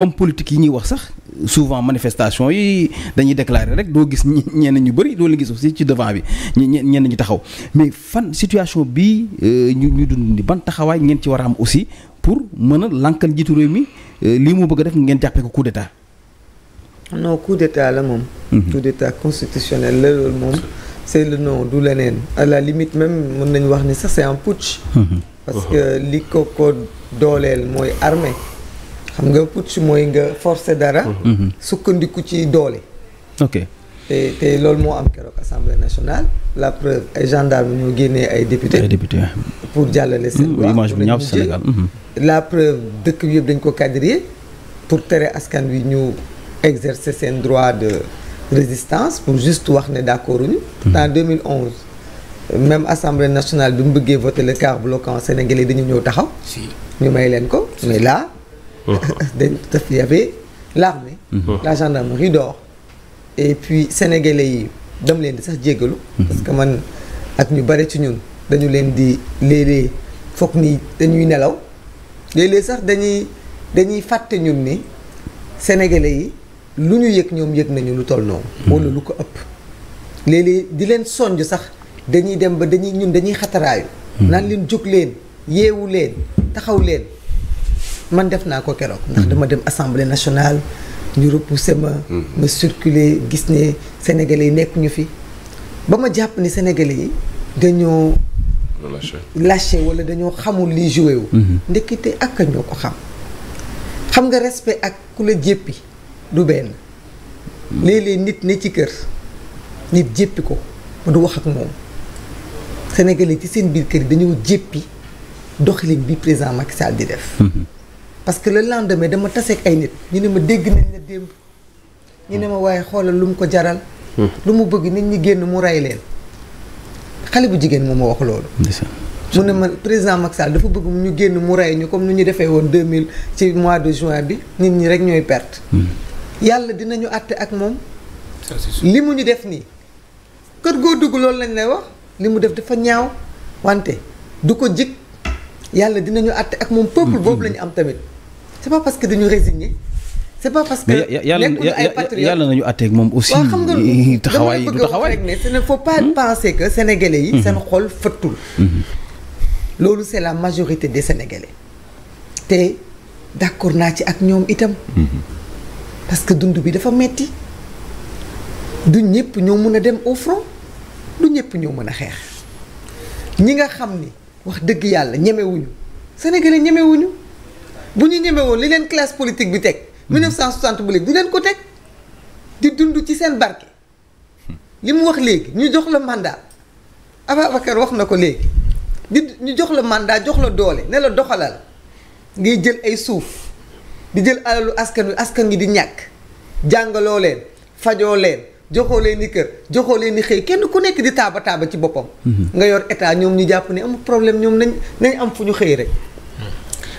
comme politique yi ñuy wax sax souvent manifestation yi dañuy déclarer rek doo gis ñenn ñu bëri doo leen gis aussi ci devant bi ñenn ñu taxaw mais fan situation bii euh, ñu ñu dund ni ban taxawaay ngeen ci war a am aussi pour mën a lankal jiitu mi euh, li mu bëgg a def ngeen jàppee ko coup d'état non coup d'état la moom. Mhm. coup d'état constitutionnel la loolu moom. c'est le nom du leneen à la limite même mën nañu wax ni sax c'est un putsch. Mhm. parce que li ko ko dooleel mooy armée. xam nga putsch mooy nga force dara. Mhm. sukkandiku ci doole. ok te loolu moo am keroog assemblée nationale la preuve ay gendarme ñoo génnee ay député. ay pour jàllale seen. Mhm, image bu ñaaw mhm. la preuve dëkk bi yëpp dañ ko quadriller pour tere askan wi ñu exercer seen droit de résistance pour juste wax ne d'accord ñu. en 2011 même assemblée nationale bi mu bëggee voter le quart bloquant sénégalais dañu ñëw taxaw. ñu may leen ko mais là. dañ def y avait l'armée mhm. la gendarmerie d'or et puis yi dam leen di sax jéggalu mhm. parce que man ak ñu bare ci ñun dañu leen di léelée foog nii dañuy nelaw léelée sax dañuy dañuy fàtte ñun ni sénégalais yi lu ñu yëg ñoom yëg nañu lu toll noonu mhm. wala lu ko ëpp léeg di leen sonj sax dañuy dem ba dañuy ñun dañuy xataraayu naan leen jóg leen yeewu leen taxaw leen man def naa ko keroog. ndax dama dem assemblée nationale ñu repoussé ma. Mm-hmm. ma circulé gis ne sénégalais yi nekk ñu fi ba ma jàpp ni sénégalais yi dañoo. lâché wala dañoo xamul liy joué wu. Mm-hmm. ndekete ak ñoo ko xam. xam nga respect ak ku la jéppi du benn. Mm-hmm. léeg-léeg nit ne ci kër nit jéppi ko ma du wax ak moom sénégalais ci seen biir kër yi dañoo jéppi doxalin bi président Macky Sall di def. parce que le lendemain dama taseeg ay nit ñu ne ma dégg nañ la démb ñu ne ma waaye xoolal lu mu ko jaral hmm. lu mu bëgg nit ñi génn mu rey leen xale bu jigéen mu ma wax loolu mu ne ma président Macky dafa bëgg ñu génn mu rey ñu comme nu ñu defee woon 2000 ci mois de juin bi nit ñi rek ñooy perte hmm. yàlla dina ñu àtte ak moom li mu ñu def nii kër goo dugg loolu lañ lay wax li mu def dafa ñaaw wante du ko jig yàlla dinañu àtte ak moom peuple hmm. boobu la ñu am tamit c'est pas parce que dañu résigné. c'est pas parce que nekkul ay patriotes yàlla nañu àtteeg moom aussi. waaw xam nga taxawaay du taxawaay rek ne il ne faut pas hmm. penser que sénégalais yi. Hmm. seen xol fëttul. Hmm. loolu c'est la majorité de sénégalais. te d'accord naa ci ak ñoom itam. parce que dund bi dafa metti du ñëpp ñoo mën a dem au front du ñëpp ñoo mën a xeex ñi nga xam ni wax dëgg yàlla ñemewuñu sénégalais ñemewuñu. bu ñu ñeme li leen classe politique bi teg 1960 ba léegi du leen ko teg di dund ci seen barke li mu wax léegi ñu jox la mandat Ababacar wax na ko léegi ñu jox la mandat jox la doole ne la doxalal ngiy jël ay suuf di jël alalu askan wi askan gi di ñàkk jàngaloo leen fajoo leen joxoo leen ni kër joxoo leen ni xëy kenn ku nekk di taaba taaba ci boppam mm-hmm. nga yor état ñoom ñu jàpp ne amul problème ñoom nañ nañ am fu ñu xëy rek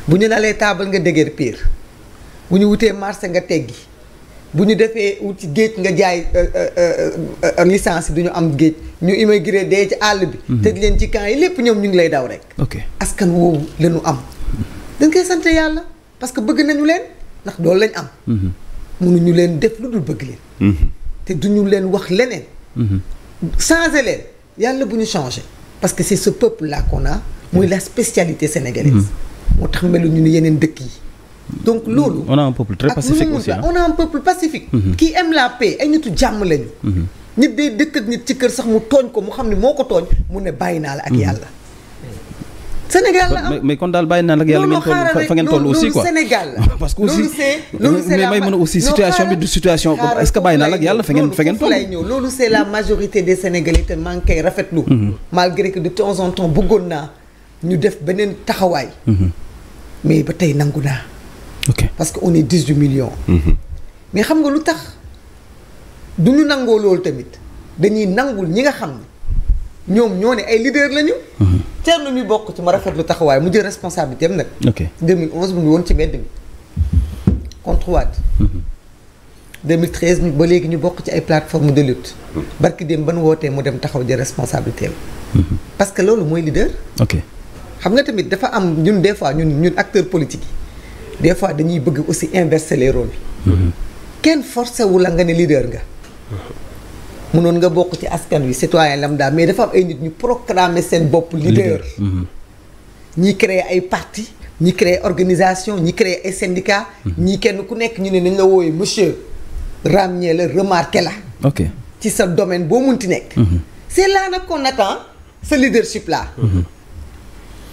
bu ñu nalee taabal nga dëgër piir bu ñu wutee marché nga teggi bu ñu defee wut ci géej nga jaay euh, euh, euh, licence du ñu am géej ñu immigré dee ci àll bi. Mhm. tëj leen ci camp yi lépp ñoom ñu ngi lay daw rek. ok askan woowu la am. dañ koy sant yàlla parce que bëgg nañu leen ndax loolu lañ am. Mhm. mënuñu leen def lu dul bëgg leen. Mhm. te ñu leen wax leneen. changer leen yàlla bu ñu changer parce que c'est ce peuple là qu'on a. muy la spécialité sénégalaise. moo tax meluñu ni yeneen dëkk yi. donc loolu. on a un peuple très pacifique aussi peuple pacifique. Mm-hmm. qui aime la paix ay nitu jàmm lañu. Mm-hmm. nit day dëkk ak nit ci kër sax mu tooñ ko mu xam ne moo ko tooñ mu ne bàyyi naa la ak mm-hmm. yàlla. Sénégal la am mais kon daal bàyyi naa la ak yàlla ngeen toll fa ngeen toll aussi quoi Sénégal la parce que aussi mais may mën a aussi situation bi du situation est-ce que bàyyi naa la ak yàlla fa ngeen fa ngeen toll lay ñëw loolu c'est la majorité des Sénégalais te maa ngi koy rafetlu malgré que de temps naa ñu def beneen taxawaay mais ba tey nangu naa. ok parce que on est dix-huit millions. Mm-hmm. mais xam nga lu tax du ñu nangoo loolu tamit dañuy nangul ñi nga xam ne ñoom ñoo ne ay leader lañu. Mm-hmm. Thierno mi bokk ci ma rafetlu taxawaay mu jël responsabilité am nag. ok 2011 mu ngi woon ci mbedd mi contre Wade. 2013 mm-hmm. ba léegi ñu bokk ci ay plateforme de lutte. barki dem ban wootee mu dem taxaw jël responsabilité am. parce que loolu mooy leader. ok. xam nga tamit dafa am ñun des fois ñun ñun acteurs politiques yi des fois dañuy bëgg aussi inverser les rôles. Mm-hmm. kenn forcé wu la nga ne leader nga. mënoon nga bokk ci askan wi citoyen lambda mais dafa am ay nit ñu proclamer seen bopp. leader mm-hmm. ñi créer ay parti ñi créer organisation ñi créer ay syndicat mm-hmm. ñi kenn ku nekk ñu ne nañ la wooyee monsieur ràññee la remarqué la. ok ci sa domaine boo munti nekk. c'est là nag qu'on attend ce leadership là.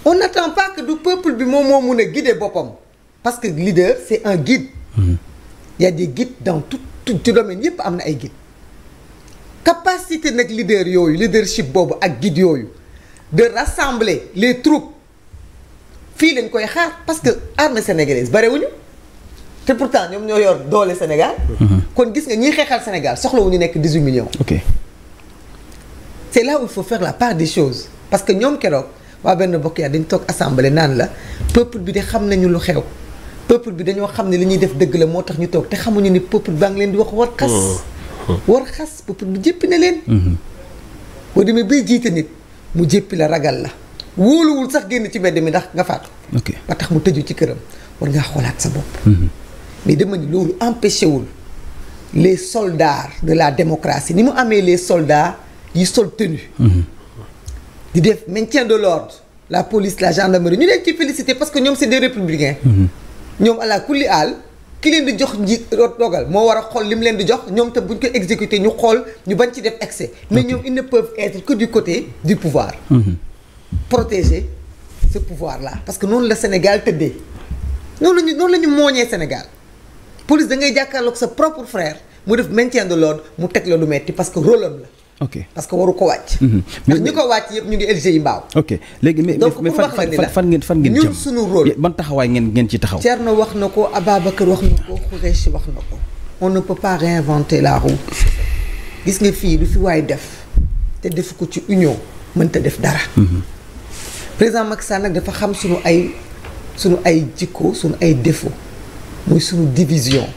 on n'attend pas que du peuple bi moom moo mun a guider boppam parce que leader c'est un guide mmh. il y a dans tout tout ci domaine yëpp am na ay guide capacité nag leader yooyu leadership boobu ak guide yooyu de rassembler les troupes fii lañ koy xaar parce que armée sénégalaise barewuñu te pourtant ñoom ñoo yor doole Sénégal hmm. kon gis nga ñiy xeexal Sénégal soxlawuñu nekk 18 millions ok c'est là où il faut faire la part des choses parce que ñoom keroog waa benn bokk yaa dañ toog assemblée naan la peuple bi de xam nañu lu xew peuple bi dañoo xam ne li ñuy def dëgg la moo tax ñu toog te xamuñu ni peuple baa ngi leen di wax war xas oh, oh. war xas peuple bi jéppi na leen mm-hmm. boo demee bay jiite nit mu jéppi la ragal la wóoluwul sax génn ci mbedd mi ndax nga faatu ba tax mu tëju ci këram war ngaa xoolaat sa bopp mm-hmm. mais dama ni loolu empêché wul les soldats de la démocratie ni mu amee les soldats yi sol tenue mm-hmm. di def maintien de l'ordre la police la gendarmerie ñu leen ci félicité parce que ñoom c'est des républicains mm-hmm. ñoom àla kulli aal ki leen di jox njiit dogal moo war a xool li mu leen di jox ñoom te buñ ko exécuté ñu xool ñu bañ ci def excès mais ñoom ils ne peuvent être que du côté du pouvoir mm-hmm. protéger ce pouvoir là parce que noonu la Sénégal tëddee noonu lañu noonu la ñu mooñee Sénégal police da ngay jàkkaarloog sa propre frère mu def maintien de l'ordre mu teg la lu metti parce que rôle ok parce que waru ko wàcc. Mhm. ndax ñi ko wàcc yëpp ñu ngi LG mbaaw. ok léegi mais mais fan fan ngeen fan ngeen jëm ñun suñu taxawaay ngeen ngeen ci taxaw. Thierno wax na ko Ababacar wax na ko Khoureyssi wax na ko. on ne peut pas réinventer la roue. gis nga fii lu fi waaye def te def ko ci union mënta def dara. Mhm. président Macky Sall nag dafa xam suñu ay suñu ay jikko suñu ay défaut mooy suñu division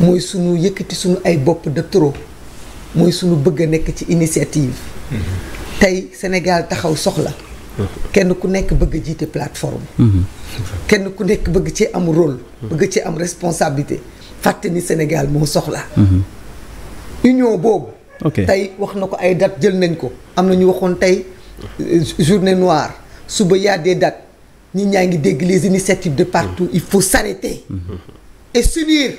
mooy suñu yëkkati suñu ay bopp de trop. mooy suñu bëgg a nekk ci initiative. tey Sénégal taxaw soxla. kenn ku nekk bëgg jiite plateforme. kenn ku nekk bëgg ci am rôle. bëgg ci am responsabilité fàtte ni Sénégal moo soxla. union boobu. tey wax na ko ay date jël nañ ko. am na ñu waxoon tey euh, journée noire suba y a des dates ñi ñaa ngi dégg les initiatives de partout il faut s'arrêter mhm. et s'unir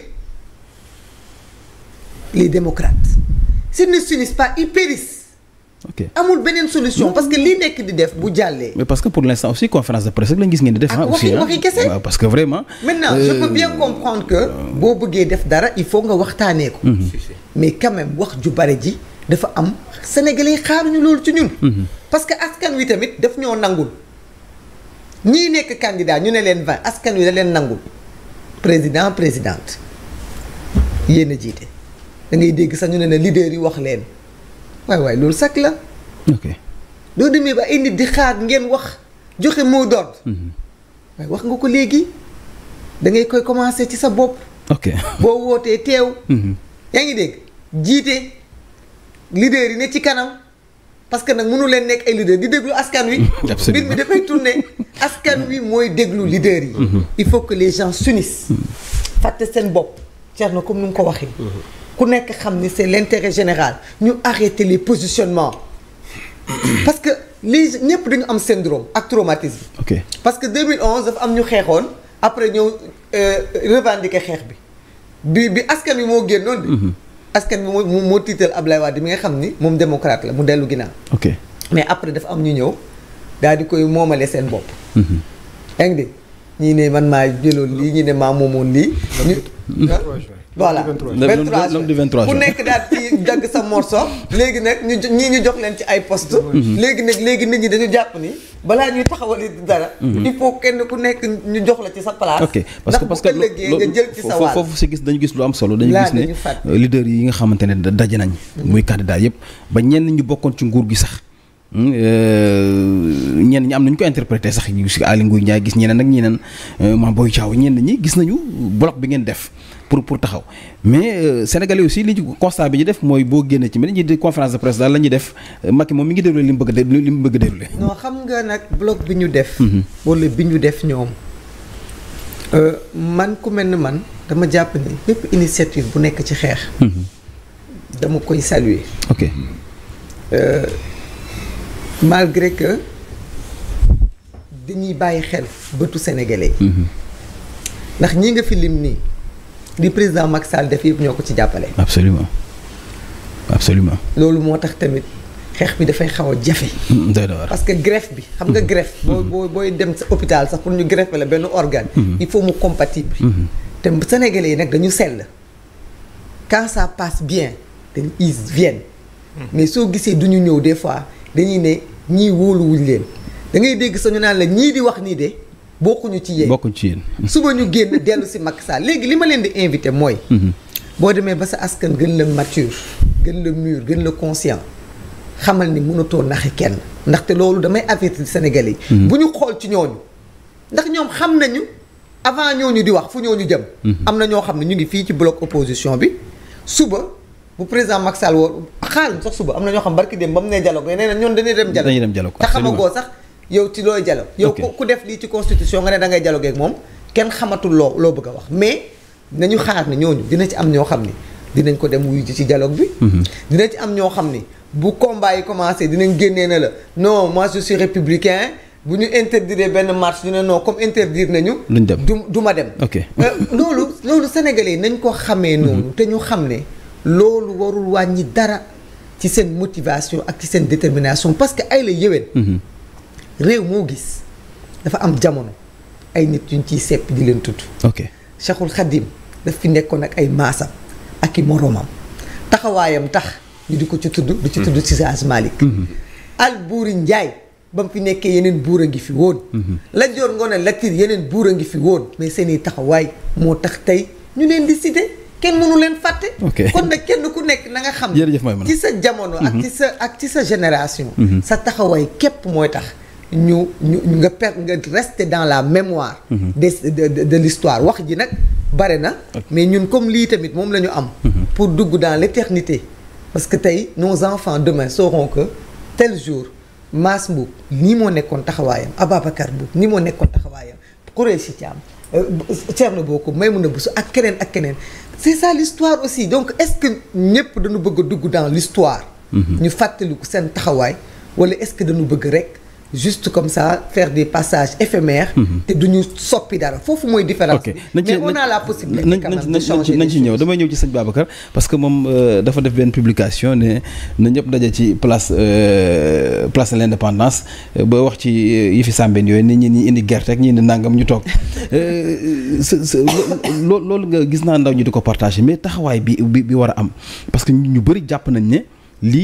les démocrates. s'ils ne s'unissent pas ils périssent. amul beneen solution non. parce que lii nekk di def bu jàllee. parce que pour l'instant aussi conférence de presse rek lañ gis ngeen di def. ah, ah aussi ah. waxi kese parce que vraiment. maintenant euh... je peux bien euh, comprendre que. boo bëggee def dara il faut nga waxtaanee ko. Mhm. mais quand même wax ju bare ji dafa am. sénégalais yi xaaruñu loolu ci ñun. Mhm. parce que askan wi tamit daf ñoo nangul. ñii nekk candidat ñu ne leen vingt askan wi da leen nangul président présidente yéen a jiite. dangay dégg sax ñu ne ne leader yi wax leen waay waaye loolu sax la. ok doo demee ba indi di xaar ngeen wax joxe moo d'ordre. Mhm. waaye wax nga ko léegi da ngay koy commencer ci sa bopp. ok boo wootee teew. Mhm. yaa ngi dégg jiite leader yi ne ci kanam. parce que nag mënu leen nekk ay leader di déglu askan wi. mbir mi dafay tourner askan wi mooy déglu leader yi. Mhm. il faut que les gens s'unissent. fàtte seen bopp. Thierno comme ni nga ko waxee. ku nekk xam ni c'est l'intérêt général ñu arrêter les positionnements parce que lii ñëpp dañu am syndrome ak traumatisme. parce que 2011 dafa am ñu xeexoon après ñëw euh, revendiquer xeex bi bi bi askan wi moo génnoon bi mhm. askan bi moo moo tiital Ablaye Wade mi nga xam ni moom démocrate la mu dellu ginnaaw. ok mais après dafa am ñu ñëw daal di koy moomale seen bopp. Mhm. yaa ngi ne man maa jëloon lii ñii ne maa moomoon lii. voilà l'homme du 23 ku nekk daal ci dagg sa morceau léegi nag ñu ñii ñu jox leen ci ay poste mhm. léegi nag léegi nit ñi dañu jàpp ni balaa ñuy taxawali dara mhm. il faut kenn ku nekk ñu jox la ci sa place parce que parce que nga jël ci sa wàll foofu si gis dañu gis lu am solo dañu gis ne euh, leader yi nga xamante ne daje nañ mhm. muy candidat yëpp ba ñenn ñu bokkoon ci nguur gi sax hmm, euh, ñeen ñi am nañu ko interprété sax ñu si Aly Ngouille Ndiaye gis ñeneen ak ñeneen euh, Mame Boye Diao ñenn ñi gis nañu bloc bi ngeen def pour pour taxaw mais euh, sénégalais aussi li ci constat bi ñu def mooy boo génne ci mel ni di conférence de presse daal la ñuy def euh, Macky moom mi ngi déroulé li mu bëgg a li mu bëgg a déroulé. xam nga nag bloc bi ñu def. Mhm. wala bi ñu def ñoom. Euh, man ku mel man dama jàpp ni bépp initiative bu nekk ci xeex. Mhm. dama koy saluer. ok euh, malgré que dañuy bàyyi xel bëtu sénégalais. Mhm. ndax ñi nga fi nii. li président Macky Sall def yëpp ñoo ko ci jàppale. absolument absolument loolu moo tax tamit xeex bi dafay xaw a jafe. Mm, parce que greffe bi. xam nga mm-hmm. greffe. boo mm-hmm. booy dem sa hôpital sax pour ñu greffe la benn organe. Mm-hmm. il faut mu compatible. te Sénégalais yi nag dañu sell. quand ça passe bien dañ is viennent. mais soo gisee du ñu ñëw des fois dañuy ne ñii wóoluwuñ leen. da ngay dégg sa ñu naan la ñii di wax nii de. bokkuñu ci yéen bokkuñu ci yéen. suba ñu génn dellu si Macky Sall léegi li ma leen di invité mooy. Mhm. boo demee ba sa askan gën la mature gën la mûr gën la conscient xamal ni mënatoo naxi kenn ndaxte loolu damay avertir Sénégalais yi. Mhm. bu ñu xool ci ñooñu ndax ñoom xam nañu. avant ñooñu di wax fu ñooñu jëm. Mhm. am na ñoo xam ne ñu ngi fii ci bloc opposition bi suba bu président Macky Sall woo xaaral sax suba am na ñoo xam barki dem ba mu nee dialogue nee na ñoom dañuy dem. dialogue dañuy te sax. yow ci looy dialogue yow ku def lii ci constitution nga ne da ngay dialogue moom kenn xamatul loo loo bëgg a wax mais nañu xaar ne ñooñu dina ci am ñoo xam ne dinañ ko dem wuyu ji ci dialogue bi mhm. dina ci am ñoo xam ni bu combat commencé dinañ génnee na la no moi je suis républicain bu ñu interdire benn marche ñu ne non comme interdire nañu duñ dem du du ma dem ok euh, loolu loolu sénégalais nañ ko xamee mhm. noonu te ñu xam ne loolu warul wàññi dara ci seen motivation ak ci seen détermination parce que ay la yéwén mhm. réew moo gis dafa am jamono ay nit yuñ ciy seppi di leen tudd. ok Cheikhul Khadim daf fi nekkoon ak ay maasam ak i moroomam taxawaayam tax ñu di ko ci tudd. di ci tudd ci mhm. Seydi Malick. Mhm. Albuuri Njaay ba mu fi nekkee yeneen buur a ngi fi woon. Mhm. la joor ngoone latir yeneen buur a ngi fi woon mais seeni taxawaay moo tax tey ñu leen di cité kenn mënu leen fàtte. kon nag kenn ku nekk na nga xam. ci sa jamono. ak ci sa ak ci sa génération. sa taxawaay képp mooy tax. ñu ñu nga per nga rester dans la mémoire. Mhm. de de de l'histoire wax ji nag bare na. mais ñun comme lii tamit moom la ñu am. Mhm. pour dugg dans l'éternité parce que tey nos enfants demain sauront que tel jour Mass Mboup nii moo nekkoon taxawaayam Ababacar Mboup nii moo nekkoon taxawaayam Khoureyssi Thiam euh, Thierno Bocoum Maïmouna Bousso ak keneen ak keneen c'est ça l'histoire aussi donc est-ce que ñëpp dañu bëgg a dugg dans l'histoire mhm. ñu fàttaliku seen taxawaay wala est-ce que dañu bëgg rek. juste comme ça faire des passages éphémères. Mhm. te du ñu soppi dara foofu mooy différence bi. mais on a la possibilité quand même de changer nañ ci ñëw damay ñëw ci sëñ Babacar parce que moom euh, dafa def benn publication ne na ñëpp daje ci place euh, place de l' indépendance euh, ba wax ci yi fi sàmbeen yooyu ne ñi ñi indi gerte ak ñi indi nangam ñu toog loolu nga gis naa ndaw ñi di ko partagé mais taxawaay bi bi war a am parce que ñu bëri jàpp nañ ne.